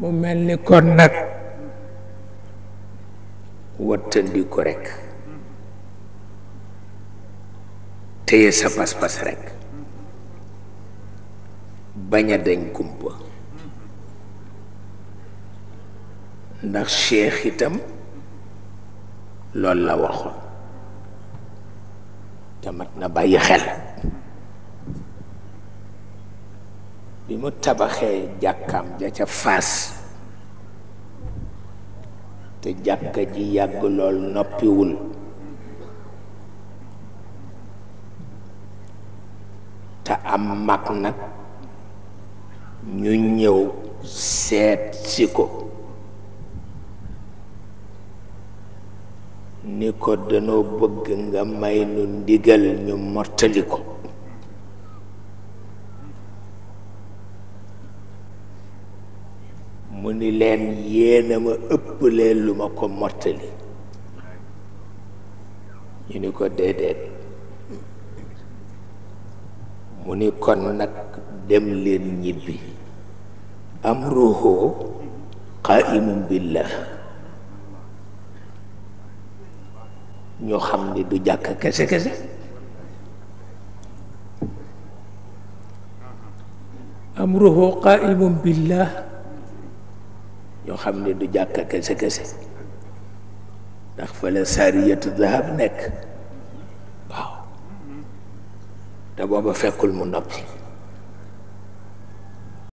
mu mel ni kon nag wattandiku rekk téye sa pas-pas rekk bañ a dañ kumpa ndax cheikh itam loolu la waxoon te mat na bàyyi xel bi mu tabaxee jàkkam ja ca fas te jàkka ji yàgg lool noppiwul te am mag nag ñu ñëw seet si ko ni ko danoo bëgg nga may nu ndigal ñu mottali ko mu ni leen yéena ma ëpp leen lu ma ko mottali ñu ni ko déedéet mu ni kon nag dem leen ñibbi amruhu qaimun billah ñu xam ni du jàkk kese kese amruhu qaimun billah ñoo xam ne du jàkka kese kese ndax fa la saariyatu dahab nekk waaw te booba fekkul mu noppi